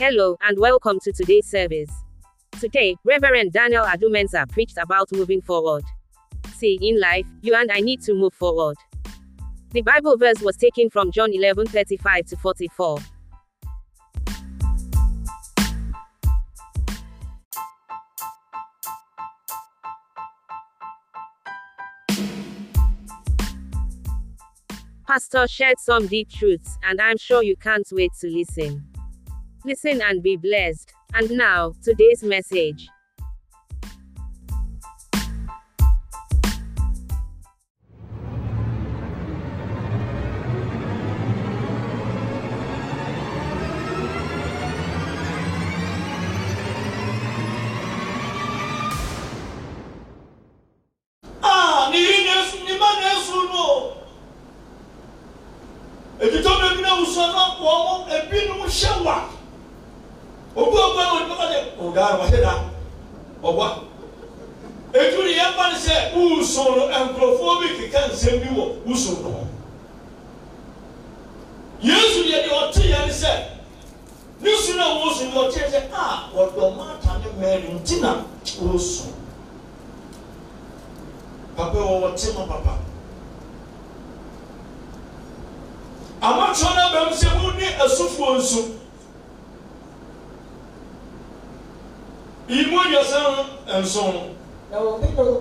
Hello, and welcome to today's service. Today, Reverend Daniel Adumensa preached about moving forward. See, in life, you and I need to move forward. The Bible verse was taken from John 11 35 to 44. Pastor shared some deep truths, and I'm sure you can't wait to listen. Listen and be blessed. And now, today's message. Ah, ebi tó bẹ bi na wusɔn na wɔn ebinom hyɛ wa ghana wɔhye da ɔboa etu ne yɛmba ne sɛ wusu no nkurɔfoɔ bi keka nsɛm bi wɔ wusu no yesu deɛ deɛ ɔte yɛ ne sɛ ne su na wusu no ɔte sɛ a wɔdɔ mata ne mɛri nti na wusu papa wɔwɔ te ma papa amatwa na bɛm sɛ mu ne asufoɔ nso. Imo yɛsan nson. Na wɔn bi no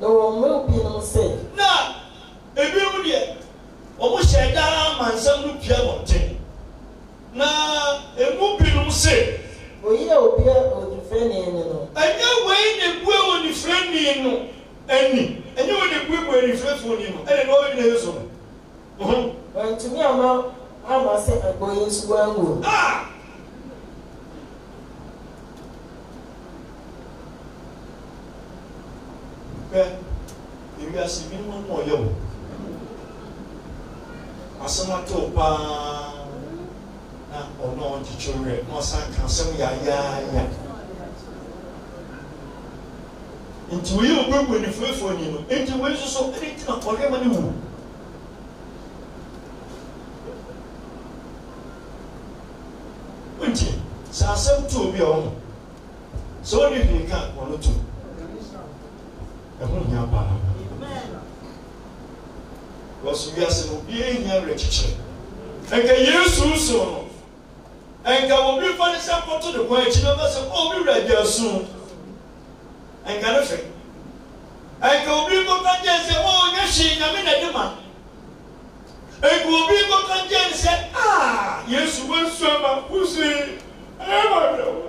na wɔn mmerɛ bi no sɛ. Na ebi mu deɛ wɔn hyɛ daa mansam no pia wɔn ten na emu binom sɛ. Oyi a obi a onifirɛ ni ɛni no. Ɛnyɛ wei na ebu a onifirɛ ni no ɛni ɛnyɛ wei na ebu ebu onifirɛ fo ni no ɛna na ɔyɛ na ezo. Wɔntumi ama ama sɛ agbo yi nso wɔn pẹ́ èmi àṣìbí ni wọ́n mọ̀ yẹ̀ wò asọ́mọ́tò paa na ọ̀nà ọ̀dìtúrẹ̀ ọ̀sán kan sẹ́mu yáyáyá nti wòye ògbé wò ní fúnfún ni no nti wòye soso ẹni tí na ọ̀rẹ́ mọ́ ni wò. nti sàásẹ́ tó obi ọ̀hún sọ́ọ́ ní nìkan wọ́n tó ɛho hia paa wɔso wiase no obiara hia werɛkyekyere ɛnka yesu so no ɛnka obi fa ne sɛ kɔto ne ho akyi na ɔbɛ sɛ obi werɛ agya asu ɛnka ne fɛ ɛnka obi kɔka gye sɛ ɔnyɛ hwee nyame na de ma ɛnka obi kɔka gye sɛ aa yesu wɔnsu ama wosi ɛyɛ ma werɛ wo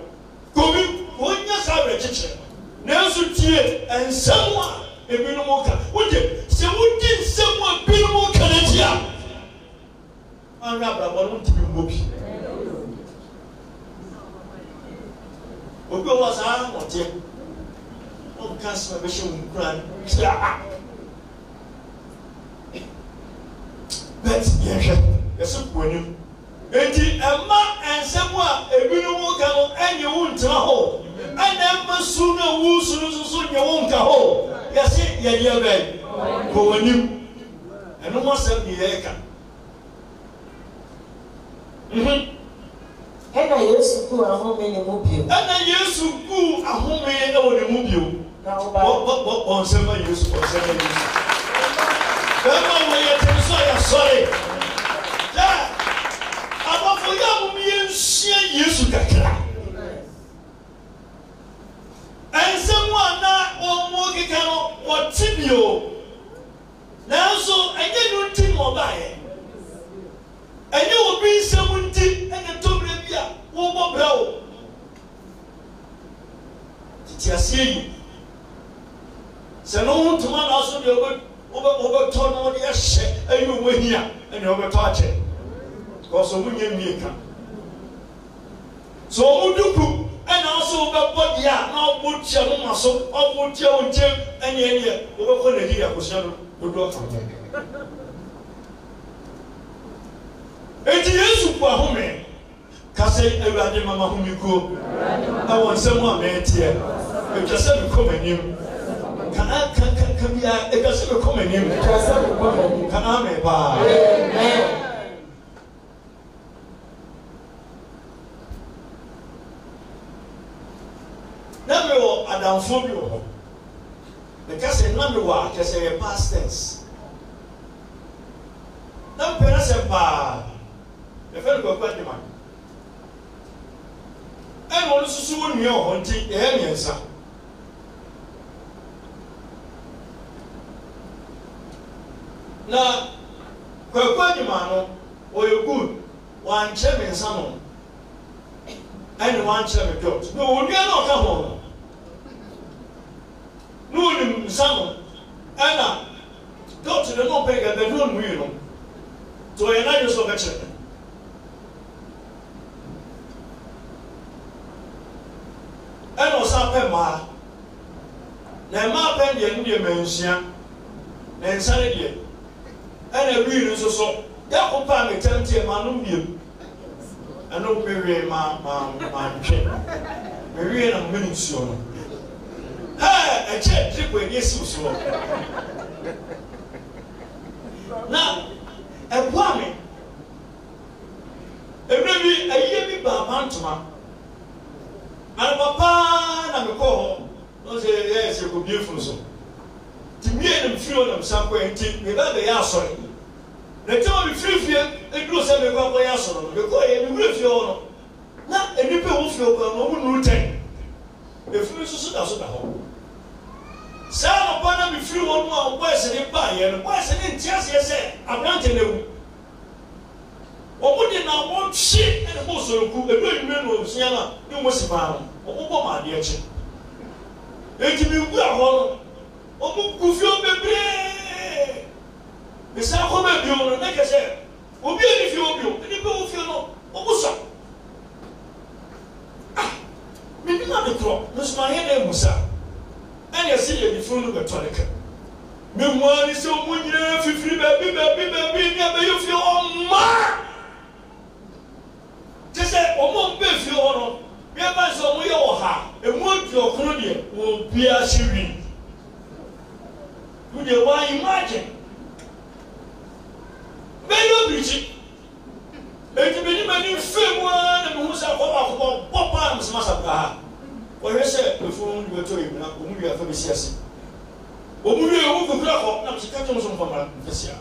kobi wɔnya saa werɛkyekyere nanso tie nsɛm a ebinom ka wogye sɛ wogye nsɛm a ebinom ka n'akyi a anwere abrabɔ no ntumi mbɔ bi obi wɔ hɔ saa ɔteɛ ɔnka asɛm a ɛbɛhyɛ wɔn nkura no kyerɛ a yɛhwɛ yɛsɛ kuro anim eti ɛma nsɛm a ebinom ka no ɛnyɛ wo ntena hɔ ɛna ɛma su na wu su no soso nyɛ wo nka hɔ yɛsi yɛdeɛ bɛn kɔ w'anim ɛnum asɛm ni yɛ ka. Mhm. ɛna yesu kuu ahome ne mu bio. ɛna yesu kuu ahome ɛwɔ ne mu bio. na ɔba bɔ bɔ bɔ nsɛm a yesu bɔ nsɛm a yesu. bɛrɛ ma wɔ yɛ yɛ sɔre. ɔte mi o nanso ɛnyɛ no nti na ɔba yɛ ɛnyɛ obi nsɛm nti ɛna tɔmire bi a wɔbɔ bra o tete aseɛ yi sɛ no ho ntoma na so deɛ ɔbɛ ɔbɛ ɔbɛtɔ na ɔde ahyɛ ɛyɛ ɔmo hia ɛna ɔbɛtɔ akyɛ kɔsɔ ɔmo nyɛ mie ka so ɔmo duku ɛna ɔsɛ wobɛbɔ deɛ a na ɔbɔ tia no ma so ɔbɔ tia wo nkyɛn ɛneɛ neɛ wobɛkɔ do kosua no dodoɔ eti yesu po ahome kase awurade mama ho mikuo ɛwɔ nsɛm a mɛɛteɛ ɛtwa sɛ mekɔ m'anim kana ka ka ka biara ɛtwa sɛ mekɔ m'anim kana mɛ paa adamfo bi wɔ hɔ meka sɛ na mi wɔ a kyerɛ sɛ yɛ past tense na mpɛ na sɛ paa yɛfɛ no kwaku adwuma ɛna ɔno soso wo nnua wɔ hɔ nti ɛyɛ mmiɛnsa na kwaku adwuma no ɔyɛ good wankyerɛ me nsa no ɛne wankyerɛ me dot na wɔn na ɔka ho no na onim nsa no ɛna kóòtù ne mo pɛ gɛdɛ ne onum yi no tó yɛ n'ayɛ so ɔbɛkyerɛ no. ɛna ɔsan pɛ mmaa na mmaa pɛ deɛ no deɛ mmansia na nsa ne deɛ ɛna wii no nso so yɛko paa ne tɛm teɛ ma nom deɛ mu ɛna mewie ma ma ma ntwɛ mewie na mmɛ ne nsuo no ɛkyɛ drip ani esiw soɔ na ɛboa mi ebile bi ɛyie bi baa pantoma anapa paa na mi kɔ hɔ n'ose yɛ ɛsɛ ko bie funu so ti mie ne mfiri hɔ na musa kɔ yɛ nti mi ba bɛ yɛ asɔre na tí wọn mi firi fie eduro sɛ mi kɔ akɔ yɛ asɔre no mi kɔ yɛ mi wura fie hɔ no na enipa ewu fie hɔ kɔ na ɔmu nuru tɛn efunu soso da so da hɔ saa papa na mefiri hɔ no a wɔbɔɛsɛ ne baeɛ no bɔɛsɛ ne nte aseɛ sɛ aberante no awu wɔmo de na wɔtwe ne bɔ soroku ɛdu anwumere na ɔsua no a ne mo si paa no wɔmobɔ ma adeɛ kye enti mewu a hɔ no wɔmo gu fie bebree mesa kɔ ma bio no ne kɛ sɛ obi a ne fie wɔ bio nipa wɔ fie no wɔmo sa ah menim adekorɔ mesoma yɛ dɛ mu saa ɛna ɛsi yɛ nifunu no bɛtɔ ne ka mimua ne sɛ ɔmo nyinaa fifiri baabi baabi baabi ne abɛyɛ fie hɔ mmaa te sɛ ɔmo mbɛ fie hɔ no bia ba sɛ ɔmo yɛ wɔ ha emu adu ɔkono deɛ wɔn bia hyɛ wi mo deɛ wɔn ayi mo agye bɛyɛ obirikyi edumuni mɛ ni nfɛn mu ara na mi ho sɛ akɔba akɔba bɔ paa na mo sɛ ma sa kura ha wɔhwɛ sɛ efunu no bɛtɔ yi na wɔn wie afa bɛsi ase wɔn wie wɔn kukura hɔ na wɔsi kɛtɛ wɔn so mpama mpɛsi a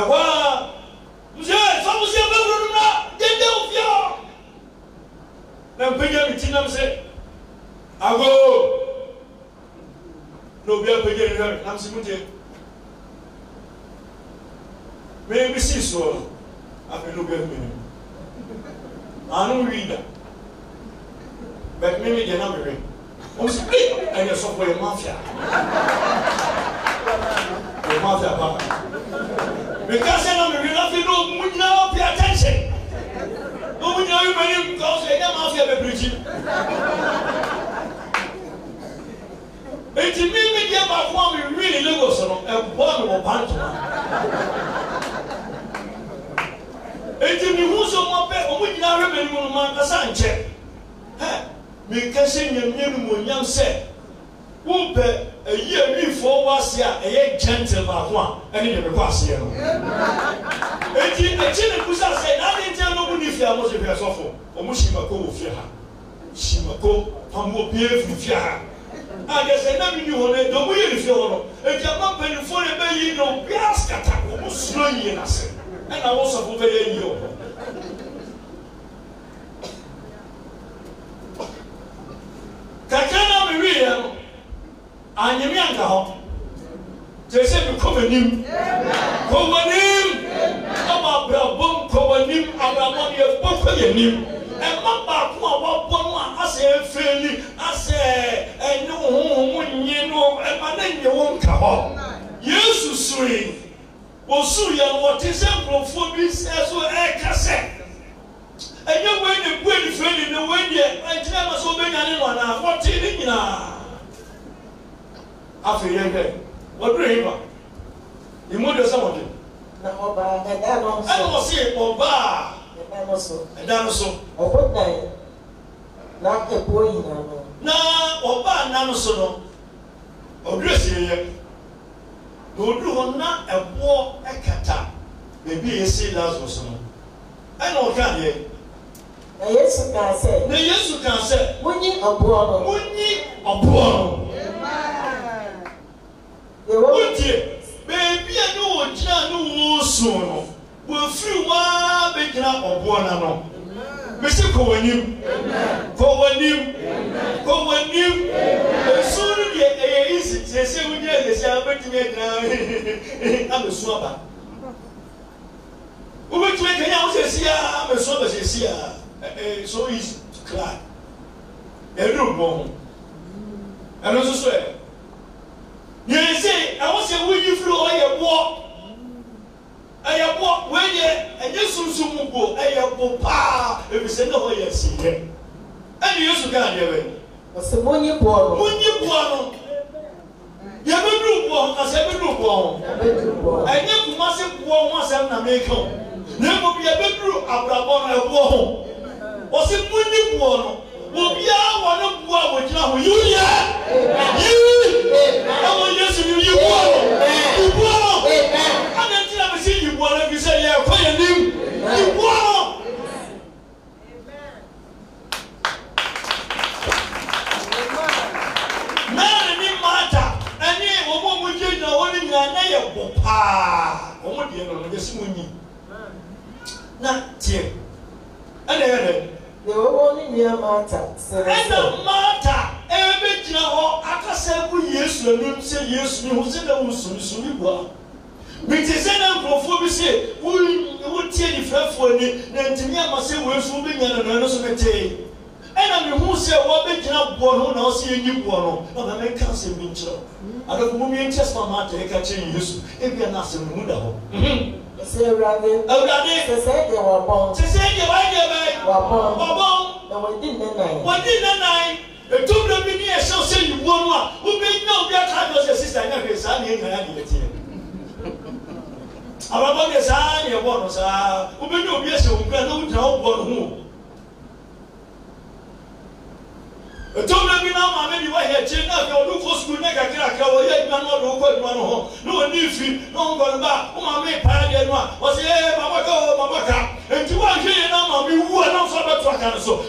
ɛhɔ a nse sɔmusi abɛwura no na dede ofia hɔ na mpagya mi ti nam sɛ agoo na obi apagya ne hwɛ nam sɛ mo deɛ mɛ ebi si soɔ afei na obi ahome ne mu ano wi da. But me me náà mìíràn me, sọ speak and yẹ sọpọ yẹ mafia. yẹ mafia bá because náà mìíràn náà fi ní omu nyinaa pay attention No nyinaa oh, know you many ọsọ ẹ yẹ máfíà bẹbìrì jì ètí mímí diẹ me a mi rí ní Lagos no ẹ bọ́ mi wọ pàntó ètí mi hu sọ wọn bẹ ọmọ nyinaa rẹ bẹni mu no mọ ankasa nkyẹn meka hyɛ nyamea no mu onyam sɛ wopɛ ayi anifoɔ wɔ ase a ɛyɛ gentle baako a ɛne nyame kɔ aseɛ no enti akyi ne kusa se. naade ntia no mu ne fie a mo hwehwɛ sɔfo ɔmo hyimako wɔ fie ha hyimako pamɔ bie firi fie ha agɛsɛ na mi ni hɔ no mo yɛ ne fie hɔ no enti ama mpanimfoɔ ne bɛyi no biara skata wɔmo suro yie n'ase ɛna e wɔsɔfo bɛyɛ yie wɔ Kakana na mi wi yɛ no anyimi anka hɔ kyerɛ sɛ mi kɔ m'anim kɔ m'anim ɛma abrabɔ mu kɔ m'anim abrabɔ no yɛ bɔ kɔ y'anim ɛma baako a wabɔ no a asɛ efe ni asɛ ɛne huhumu nye no ɛma ne nye wo nka hɔ yesu suri osu yɛ no wɔte sɛ nkurɔfoɔ bi ɛso ɛɛka ɛnyɛ wei ne bu enifɛ ni ne wei deɛ ɛntina ma sɛ ɔbɛnya ne no nyinaa afei yɛn hwɛ wɔduru yi ba emu de sɛ wɔde. na ɔbaa ɛda no so ɛna wɔsi ɔbaa ɛda no so ɛda no so. ɔbɔ dan na ebuo nyinaa no. na ɔbaa nan so no ɔduru esi yɛ na ɔduru hɔ na ɛboɔ ɛkata beebi yɛ si lazarus no ɛna ɔka deɛ na yesu kaa sɛ. na yesu kaa sɛ. munyi ɔboɔ no. munyi ɔboɔ no. wotie beebi a ne wɔ gyina ne wɔn so no wɔfiri waa bɛgyina ɔboɔ na no mesi kɔ w'anim kɔ w'anim kɔ w'anim esu no deɛ ɛyɛ isi sese mu gyina sese a bɛtumi agyina amesu aba wobɛtumi akanya ahosɛsi a amesu aba sesi a ɛɛ eh, eh, so easy to cry ɛduru bɔn ho ɛno nso so yɛ yɛn se ɛwɔ sɛ woyi firi ɔyɛ boɔ ɛyɛ boɔ wɔyɛ ɛnyɛ sunsun mu bo ɛyɛ bo paa ebisɛ ne hɔ yɛ si yɛ ɛni yesu kaa deɛ bɛ. ɔsɛ mo nyi boɔ no. mo nyi boɔ no yɛbɛduru boɔ ho kasa yɛbɛduru boɔ ho ɛnyɛ kumase boɔ ho asɛm na mɛka o na emu bi yɛbɛduru abrabɔ no ɛboɔ ho ɔsi mu ni buo no obiara wɔ ne buo a wɔgyina ho yiwu yɛ yiwu ɛwɔ yesu ni yi buo no yi buo no ɛna ti na bɛsi yi buo no bi sɛ yɛ ɛkɔ yɛ nim yi buo no. mɛri ni mata ɛni wɔn a wɔn gyina ni nyinaa ne yɛ bɔ paa wɔn deɛ no no yɛ si nyi na tiɛ ɛna yɛ dɛ deɛ wɔwɔ ne nea mata sɛrɛ sɛ ɛna mata ɛbɛ gyina hɔ akasa egu yesu anim sɛ yesu ne ho sɛ na wɔn sunsun bua bìtì sɛ na nkurɔfoɔ bi sɛ wotie ne fɛfoɔ ani na ntumi ama sɛ wɔasu wobɛnya nana no so ne tee ɛna mehu sɛ wɔbɛgyina boɔ no na ɔsɛ yɛnyi boɔ no na ma mɛka asɛm bi nkyerɛ adɔfo mu miɛnkyɛ sɛ mama atɛre ka kyerɛ yesu ebia na asɛm no mu da hɔ mhm sɛ awurade awurade sɛsɛ deɛ wɔbɔn sɛsɛ deɛ wɔayɛ bɛn wɔbɔn wɔbɔn na wɔdi ne nan wɔdi ne nan etum na bi ni ɛsɛ sɛ yiwuo no a wobɛnya obi aka adɔ sɛ sista nya hwɛ saa neɛ nyinaa deɛ ɛteɛ ababɔ deɛ saa neɛ bɔ no saa wobɛnya obi ɛsɛ wo kura na wogyina wo bɔ no ho ntoma bi na maame bi wɔ yɛ akyi na afei ɔde kɔ sukuu ne kakrakra wɔyɛ adwuma na ɔde kɔ adwuma no ho na ɔne fi na ɔnkɔ no ba wo maame paa deɛ no a wɔsɛ ɛɛ babaka o babaka nti woanhwɛ yɛ na maame wu a na mfa bɛto aka no so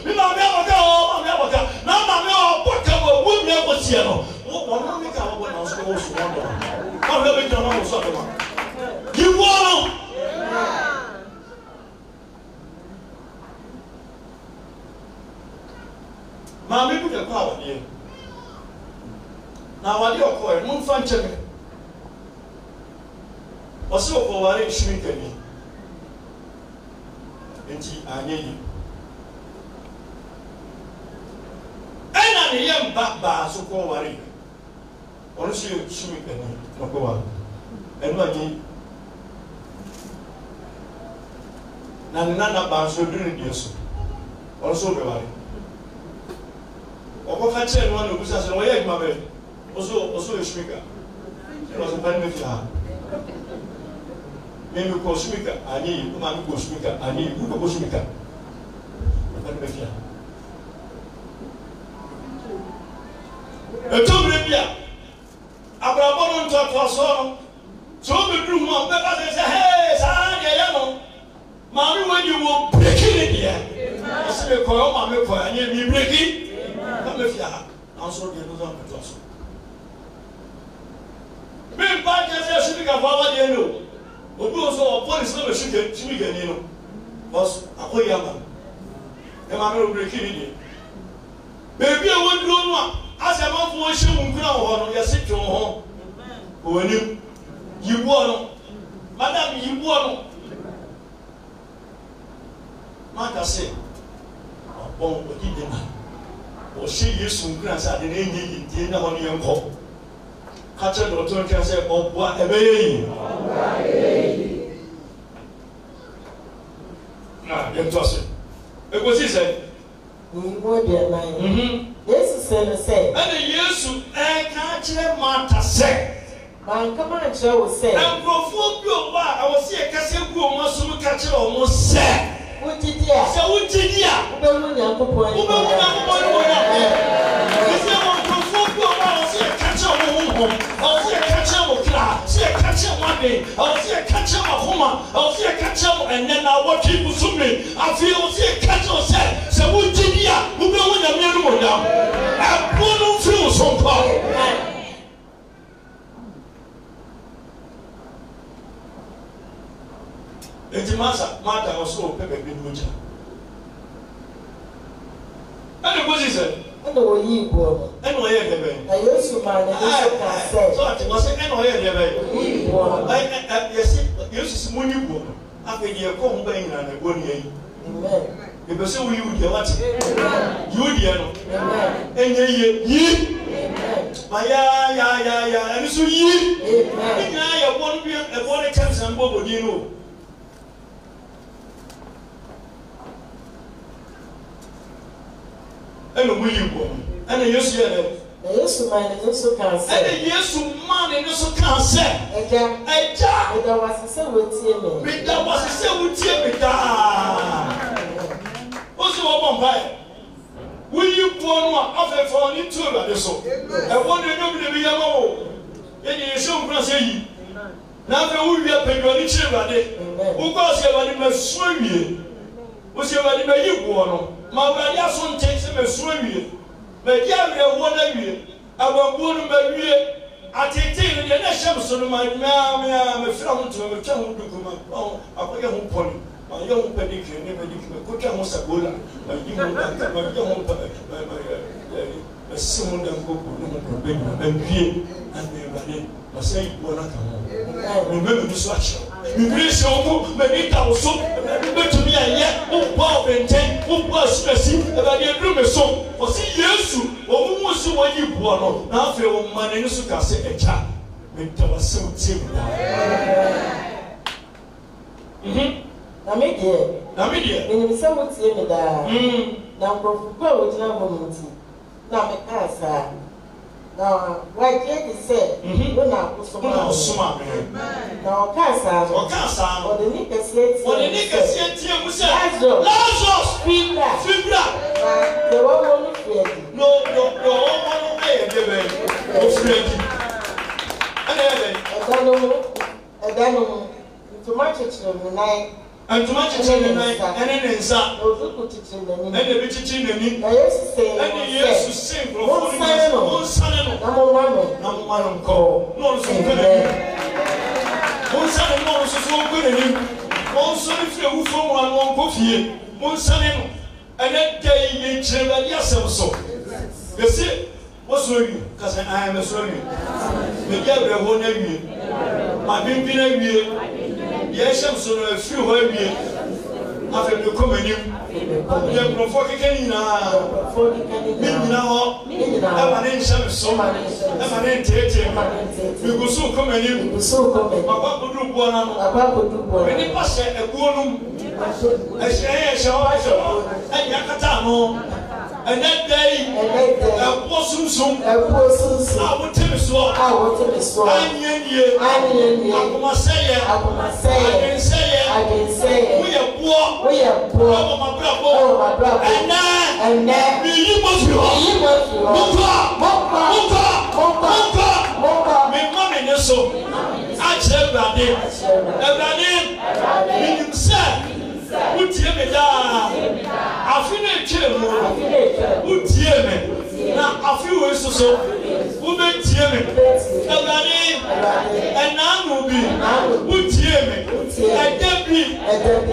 mimi kosumika ani kuma mi kosumika ani kuma kosumika ɛna bɛ fia etu mmiri bia abrabɔ no ntɔtɔsɔ no tí o bɛ duru mu a bɛ ba sɛ sɛ hee saa deɛ yɛ no maame wo yi wo breki ne deɛ ɛsi mi kɔyɔ maame kɔyɔ anyi mi breki ɛna bɛ fia n'asɔrɔ deɛ n'o ntɔtɔsɔ mi ba kɛse sumika fɔ aba deɛ no obi wɔ so ɔbɔ ne sinɛ bɛsi timi gani no bɔs akɔyi ama ne maame no breki ne deɛ beebi a wɔduro no a asɛ amanfo madam yiboɔ maka sɛ ɔbɔn ɔdi dɛm ɔhyɛ yesu nkura sɛ ade na enye na hɔ ne yɛn kɔ kakyɛ dɔtɔ nkyɛn sɛ ɔboa ɛbɛyɛ Mhm. na yɛntoa so ɛkɔsi sɛ nyimu deɛ man yesu sɛ no sɛ ɛne yesu ɛka akyerɛ mata sɛ mankama nkyerɛ e wo sɛ nkurɔfoɔ bi ɔ hɔ a ɛwɔ sɛ yɛkasa gu ɔma so no ka kyerɛ ɔmo sɛ wogyidi a sɛ wogyidi a wobɛhu nyankopɔn wobɛhu nyankopɔn ne wɔ nyankopɔn ɛsɛ wɔ nkurɔfoɔ bi ɔ hɔ a ɛwɔ sɛ yɛka kyerɛ ɔmo honhom ɛwɔ sɛ yɛka ka kyerɛ wɔn ade ɛwɔ sɛ yɛka kyerɛ wɔn ahoma ɛwɔ sɛ yɛka kyerɛ wɔn ɛnɛ na wɔtwe busumi afei ɛwɔ sɛ yɛka kyerɛ wɔn sɛ did ya? We a wobɛhu nyame no mu yam ɛbo no mfiri wo so nkɔ eti masa mata ɔsoro pɛ baabi no gya ɛna kosi sɛ ɛna oyi ibu ɔno. ɛna ɔyɛ ɛdɛ bɛyɛ. na yesu maa ne nso ka sɛ. so ati wɔsi ɛna ɔyɛ ɛdɛ bɛyɛ. oyi ibu ɔno. ɛ ɛ yɛsi yesu si mu nyibu ɔno afei deɛ kɔn mu bɛ nyina na ɛbɔ ne yɛ yi. amen. ebe sɛ woyi wo deɛ wate. yi wo deɛ no. amen. enye yie yi. Aya ya ya ya ɛnu so yi. Amen. Ɛnyinaa yɛ bɔ no bi ɛbɔ ne kyɛnse mbɔ bɔ ɛna ɔmo yi wɔ ɛna yesu yɛ dɛm. na yesu maa ne nso kan sɛ. ɛna yesu maa ne nso kan sɛ. ɛgya ɛgya. ɛda wasi sɛ wotie mi. meda wasi sɛ wotie mi daa. o sɛ wɔbɔ mpa yɛ woyi buo no a afɛɛfɛ ɔne tu awurade so ɛwɔ ne ɛdɔm de bi yɛ ma wo yɛde yɛ sɛ nkura sɛ yi n'afɛ wowie apɛnduane kyerɛ awurade wokɔ ɔsɛ awurade ma suo wie wosɛ awurade ma yi buo no ma awurade aso nkyɛn sɛ mesoro awie madi awerɛhoɔ no awie ababuo no mawie atete no deɛ ne ɛhyɛ me so no ma nyinaa mefira ho ntoma metwa ho dukuma akɔyɛ ho pɔne mayɛ ho padikiri ne madikiri mekɔtwa ho sagola mayi ho danta mayɛ ho masi ho dankoko ne ho kɔbɛ nyina mawie na mewurade masan yiboɔ no aka ho ɔbɛmɛmi so akyerɛw bibiri hyɛ wo mu m'ani da wo so ɛmɛni bɛtumi ayɛ wo bɔ ɔbɛ nkyɛn wo bɔ asurasi mi so ɔsi yesu wɔn mu si wɔn yi boɔ no n'afɛ wɔn mma n'ani so ka se ɛkya mɛ ntoma se o tie mi da. Mhm. na mi deɛ na mi deɛ mi daa na nkurɔfo bɛɛ wogyina hɔ mo ti na mi kaa saa na wagye de sɛ wo na wosom na wosom amen na ɔka saa no ɔka saa no ɔde ne kɛseɛ tie ɔde ne kɛseɛ tie mu sɛ lazarus lazarus fibra fibra na deɛ wɔwɔ no firi adi no no deɛ wɔwɔ no ayɛ deɛ bɛn ofiri adi ɛna ɛbɛn ɛda no mu ɛda no mu ntoma kyekyere mu nan ntoma kyekyere ne nan ɛne ne nsa ɛna ebi kyekyere n'ani ɛne yesu se nkurɔfoɔ no nyinaa monsane no na momma no nkɔ na ɔno nso nkɔ n'anim monsane no na ɔno nso nkɔ n'anim ɔnsɔre firi awufoɔ mu ano ɔnkɔ fie monsane no ɛnɛ da yi yɛ nkyerɛ wɛde asɛm so yɛsi wɔsɔ awie kasa ayɛ mɛsɔ awie mɛdi awerɛhoɔ no awie mabimpi no awie deɛ ɛhyɛ nso no ɛfiri hɔ awie afei de kɔm anim deɛ nkurɔfoɔ keka nyinaa me nyina hɔ ɛma ne nhyɛ me so ɛma ne nteetee megu so kɔm anim makɔ akodu boɔ no ano me nipa hyɛ aguo no mu ɛhyɛ ɛyɛ ɛhyɛ hɔ ɛhyɛ hɔ ɛnyɛ akata ano ɛnɛ da yi ɛkuo sunsun ɛkuo sunsun a wote mi soɔ a wote mi soɔ anyɛ nie anyɛ nie akomasɛ yɛ akomasɛ yɛ adensɛ yɛ adensɛ yɛ woyɛ boɔ woyɛ boɔ ɛwɔ mabura boɔ ɛwɔ mabura boɔ ɛnɛ ɛnɛ miyi mo fi hɔ miyi mo fi hɔ mokɔ mokɔ mokɔ mokɔ mokɔ mokɔ mi ma mi ne so akyerɛ awurade awurade mi nim sɛ wotie me daa afe ne ekyire mu wotie me na afiwe soso wobɛtie me awurade ɛnaano bi wotie me ɛdɛ bi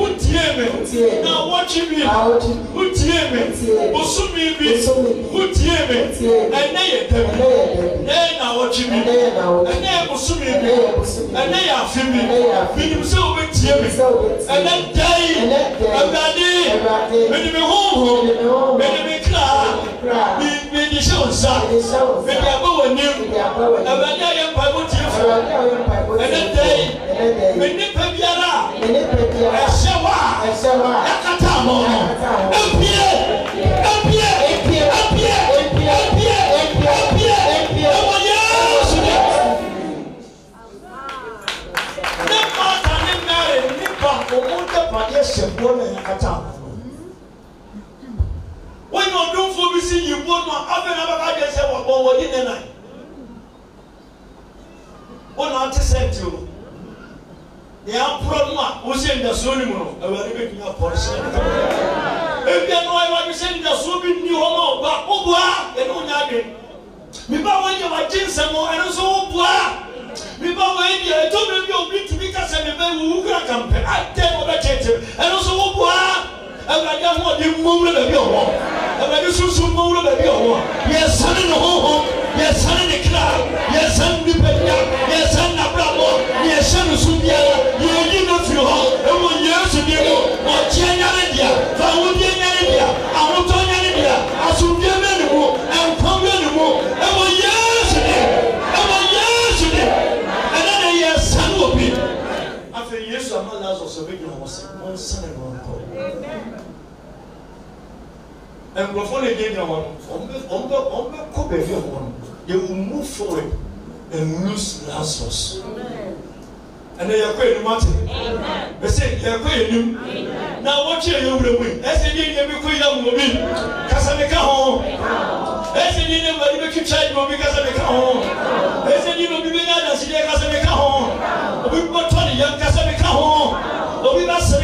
wotie me na wɔtwe bi wotie me bosome bi wotie me ɛnɛ yɛ dɛ bi ɛnɛ yɛ nawɔtwe bi ɛnɛ yɛ bosome bi ɛnɛ yɛ afe bi menim sɛ wobɛtie me ɛnɛ dɛi awurade mede me honhom mede me kra de hyɛ wɔn nsa mede aba wɔn anim awurade a yɛ mpaebɔ tie fo ɛne dɛ yi me nipa biara a ɛhyɛ hɔ a ɛkata ama no ɛpie ɛpie ɛpie ɛpie ɛpie ɛpie ɛwɔ yesu ne ne mmaa ta ne mmaa yɛ nipa wɔn mo dɛ padeɛ hyɛ boɔ na ɛkata ama wọnyi ọdunfo bi si yibo nọ afẹ na baka de sẹ wọ wọ yi nena wọn na ati sẹnti o yà á pọrọ mu a wọsi ndasuo ni mu no ẹwẹrẹ bẹ tún yà pọrọ sẹ ebi ẹnu wa ẹwà bi sẹ ndasuo bi ni wọn ma ọba ọbua ẹni wọn yà adi mipa wọn yẹ wa gye nsẹmọ ẹni nso wọn bua mipa wọn yẹ di ẹjọ mi bi obi tumi kasa mi bẹ wuwu kura kampẹ adé ọbẹ tètè ẹni nso wọn bua ẹwà di ahọ́ọ̀dẹ mọ́wúrẹ́ bẹ̀bí ọ̀wọ́ in in the the the ɛbɛde sunsun mu wuro baabi ɔwɔ yɛsane ne honhom yɛsane ne kra yɛsane nipadua yɛsane n'abrabɔ ne yɛhyɛ no so biara yɛyi no firi hɔ ɛwɔ yesu deɛ mu ɔkyeɛ nyare deɛ fahodie nyare deɛ ahotɔ nyare deɛ asomdwe bɛ ne mu ɛnkɔm bɛ ne mu ɛwɔ yesu deɛ ɛwɔ yesu deɛ ɛnɛ na yɛsane wɔ bi afei yesu ama lazarus ɔbɛgyina hɔ sɛ ɔnsane no nkurɔfoɔ na egyinagyina hɔ no wɔn bɛ wɔn bɛ kɔ baabi a wɔn they will move forward and lose Lazarus ɛnna yɛkɔ enim ate bɛsɛ yɛkɔ enim na wɔtwe yɛ wura mu yi ɛsɛ yɛ yɛ bi kɔ yɛ mu obi kasa mi ka ho ɛsɛ yɛ yɛ bɛ bi twitwa yɛ obi kasa mi ka ho ɛsɛ yɛ obi bɛ yɛ adasi yɛ kasa mi ka ho obi bɛ tɔ ne yɛ kasa mi ka ho obi bɛ sɛ.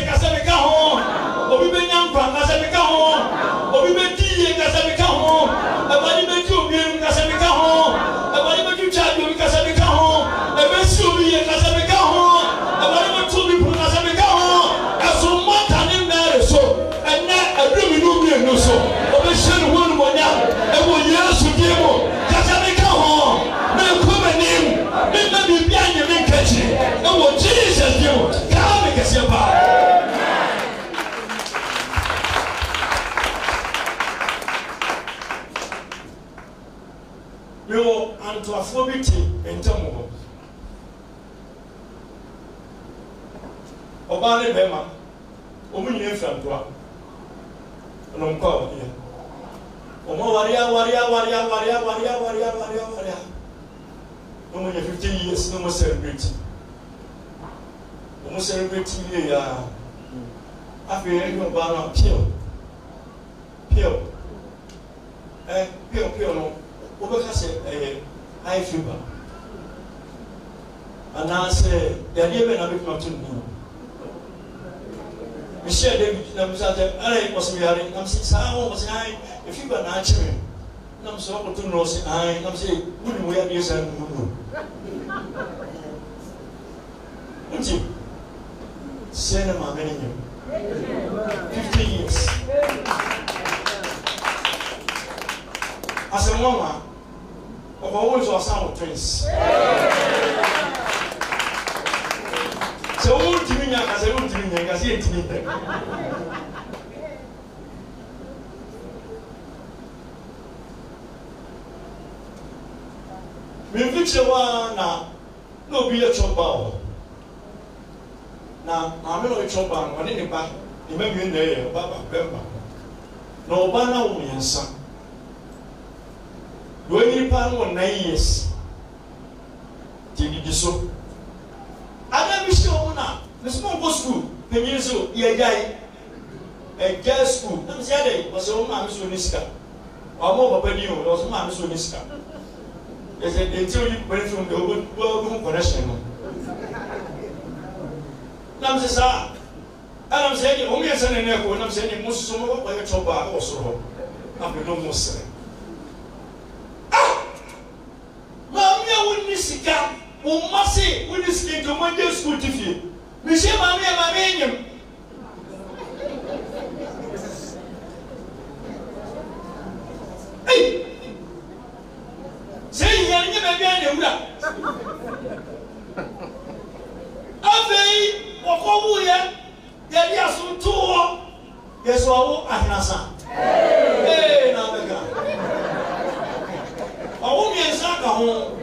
ɔbaa ne bɛrima wɔn nyinaa fira ntoa ɛna nkɔ a wɔyɛ wɔn awari awari awari awari awari awari awari awari a na wɔn yɛ fifty years na wɔn celebrate wɔn celebrate yie yaa afei ɛyɛ ɔbaa no appeal appeal ɛ appeal appeal no wɔbɛka sɛ ɛyɛ high fever anaasɛ yadeɛ bɛ na bɛ kuma to ne mu mehyɛ david na bisa sɛ ɛna wɔsɛ yare nam sɛ saa hɔ wɔsɛ an ɛfi ba na akye me nam sɛ wɔkoto no ɔsɛ an nam sɛ wonim woyɛ adeɛ saa numu no nti sɛ na maame no nyɛ 15 years asɛm wɔn a ɔkɔwɔ nso ɔsan wɔ twins sɛ wɔn tumi nya akasa yɛ nkasi etimi ntɛm mmefikyire hɔ a na na obi yɛ twɛ ba hɔ na maame na ɔyɛ ba no ɔne ne ba ne mma mmienu na ɛyɛ years te didi so adan bi hyɛ wɔn na ne panyin so yɛ gyae ɛgya sukuu nam si adɛ wɔsɛ wɔn maame so ne sika wɔn mo papa di o wɔsɛ wɔn maame so ne sika ɛsɛ eti oyi pɛrɛ fi mu de wɔbɛ wɔbɛ ho connection no nam si saa ɛnam sɛ ɛdi wɔn mmiɛnsa ne nan kɔ sɛ ɛdi mo soso mo wɔyɛ tɔ baa ɛwɔ soro hɔ nam mi mo sere ah maame a wɔn ni sika wɔn ma se wɔn ni sika nti wɔn adi sukuu ti fie mehyɛ maame a maame enyim ei sɛ yia nyɛ baabi a na ewura afei wɔkɔ wuyɛ yɛde aso too hɔ yɛsɛ ɔwo ahenasa ee na bɛka ɔwo mmiɛnsa ka ho.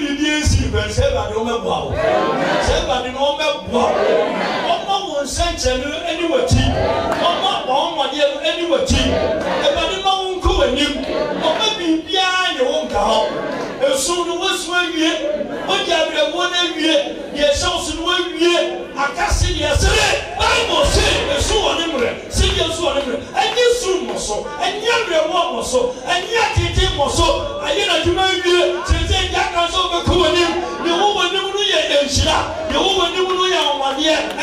biribi esi bɛn sɛ ɛbade wɔn bɛboa wo sɛ ɛbade na wɔn bɛboa wo wɔn ma wɔn nsɛnkyɛnni ɛni wɔ ti wɔn ma wɔn mɔdeɛ ɛni wɔ ti ɛbade ma wɔn nkɔ wɔn anim wɔn ma biribiara yɛ wɔn ka hɔ esun no wosu ewie wodi abirabɔ no ewie deɛ ɛhyɛ wosu no ewie akasi deɛ sere baibu se esu wɔ ne mmerɛ se deɛ esu wɔ ne mmerɛ ɛnyɛ sun mɔ so ɛnyɛ abirabɔ mɔ so ɛnyɛ atete mɔ so.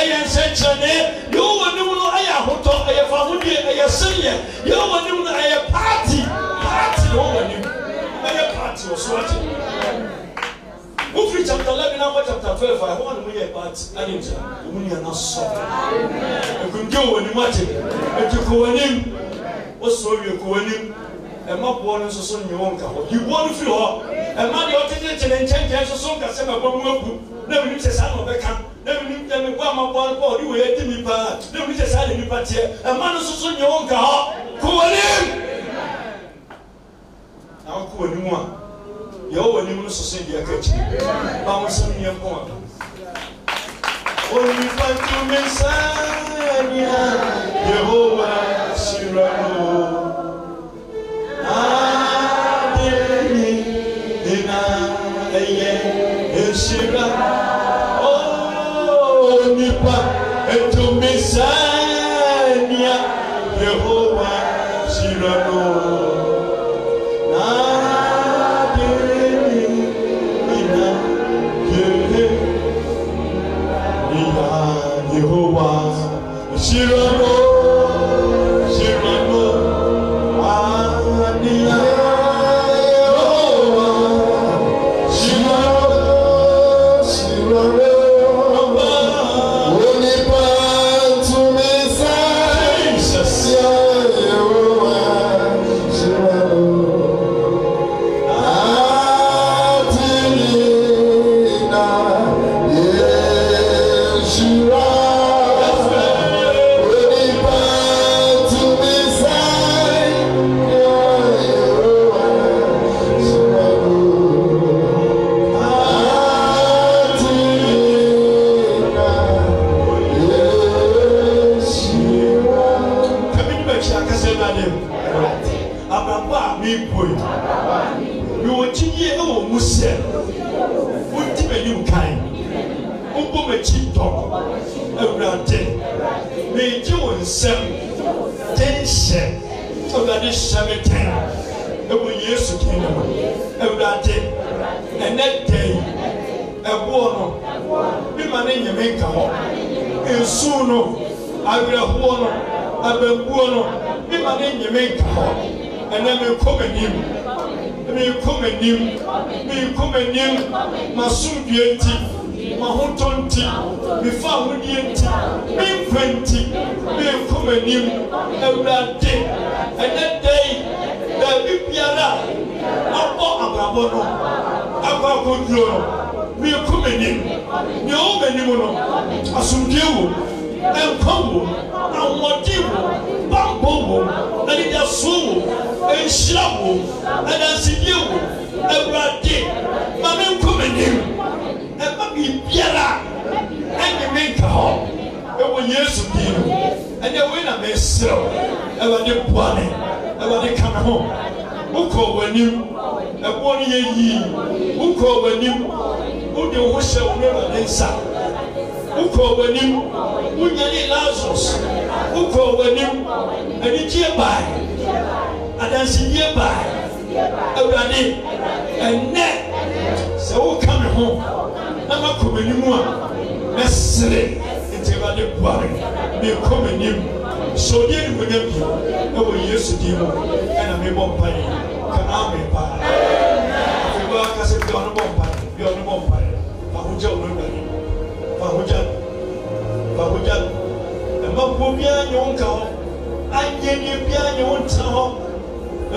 ɛyɛ nsɛnkyerɛnneɛ deɛ ɔwɔ anim no ɛyɛ ahotɔ ɛyɛ fahodie ɛyɛ seneɛ deɛ ɔwɔ anim no ɛyɛ paati paati na ɔwɔ anim ɛyɛ paati wɔ so akyɛ wofiri chapter eleven abɔ chapter twelve a ɛhɔn mu yɛ paati ɛne nkyɛn ɔmu nua na sɔ nkunke wɔ anim akyɛ etu kɔ anim ɔsɔ wie kɔ anim ɛma boɔ no nso so nyɛ wɔn ka hɔ yiwɔ no firi hɔ ɛma deɛ ɔtete kyerɛ nkyɛnkyɛn nso so nkasɛ ma bɔ mu agu na mi nim sɛ saa na ɔbɛka na mi nim dɛm bɔ ama bɔ bɔ ɔde wɔ edi mi paa na mi nim sɛ saa na nipa teɛ ɛma no soso nyɛ wɔn ka hɔ kɔ wɔn nim na wɔn kɔ wɔn nim a yɛ wɔ wɔn nim no soso deɛ ka akyiri ba wɔn sɛ nyiɛ nkɔn wɔn onipa tumi nsa nyinaa yehowa sira mo. ne nyame nka hɔ ɛnɛ merekɔ m'anim merekɔ m'anim merekɔ m'anim m'asomdue nti m'ahotɔ nti mefa ahodeɛ nti menkwa nti merekɔ m'anim awurade ɛnɛ dɛn baabi biara abɔ abrabɔ no akɔ akɔduro no merekɔ m'anim nea ɔwɔ m'anim no asomdue wɔ mu nkwa wɔ ahoɔden wɔ bambɔ wɔ anidaso wɔ nhyira wɔ adansidie wɔ awurade maame nkɔm anim ɛma biribiara ɛne me nka hɔ ɛwɔ yesu din mu ɛnɛ wei na mɛsrɛw awurade boa me awurade ka me ho wokɔ w'anim ɛboɔ no yɛ yii wokɔ w'anim wode wo hyɛ wo no awurade nsa wokɔ w'anim wonyane lazarus wokɔ w'anim anigyeɛ bae adansedie bae awurade ɛnnɛ sɛ woka me ho na makɔ m'anim a mɛsere nti awurade boare menkɔ m'anim sɔdeɛ ne wonya bio ɛwɔ yesu din mu ɛna mebɔ mpae kanaa me paa afei bɛa ka sɛ bia ɔno bɔ mpae bia ɔno bɔ mpae ahogyɛ wo no awurade ahogyɛ wogya no mmabuo biara nyɛ wo nka hɔ anyɛnyɛ biara nyɛ wo nta hɔ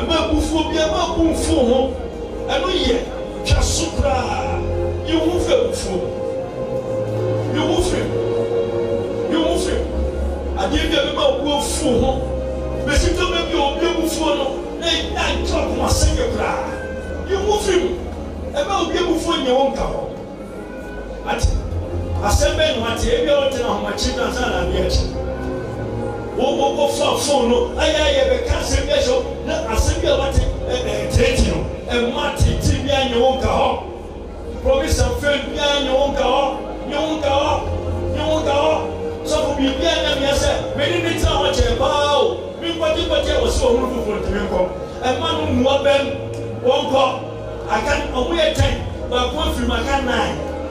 mmabufuo biara mmabu mfo ho ɛno yɛ twa so koraa yi ho fɛ bufuo yi ho fɛ yi fɛ adeɛ bi a bɛma wo afu ho bɛsi dɔm bi a obi abufuo no na ɛda ntɔ kɔn asɛnyɛ koraa yi ho fɛ mu ɛbɛ obi abufuo nyɛ wo nka hɔ ate asɛm e, e, e, bɛ nu ate ebi a ɔtena ahomakye na ansa na adeɛ akyi wɔwɔ wɔfa fon no ayɛ ayɛ bɛka asɛm bi ahyɛ na asɛm bi a wɔte ɛɛ ɛtɛɛti no ɛma tete bi anyɛ wɔn ka hɔ promisa fɛn bi anyɛ wɔn ka hɔ nyɛ wɔn ka hɔ nyɛ wɔn ka hɔ sɔfo biribi anyɛ mi ɛsɛ mɛni mi tena hɔ kyɛ paa o mi nkɔtikɔti ten baako afiri mu aka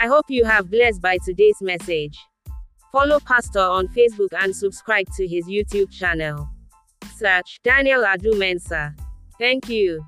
I hope you have blessed by today's message. Follow Pastor on Facebook and subscribe to his YouTube channel. Search Daniel Adumensa. Thank you.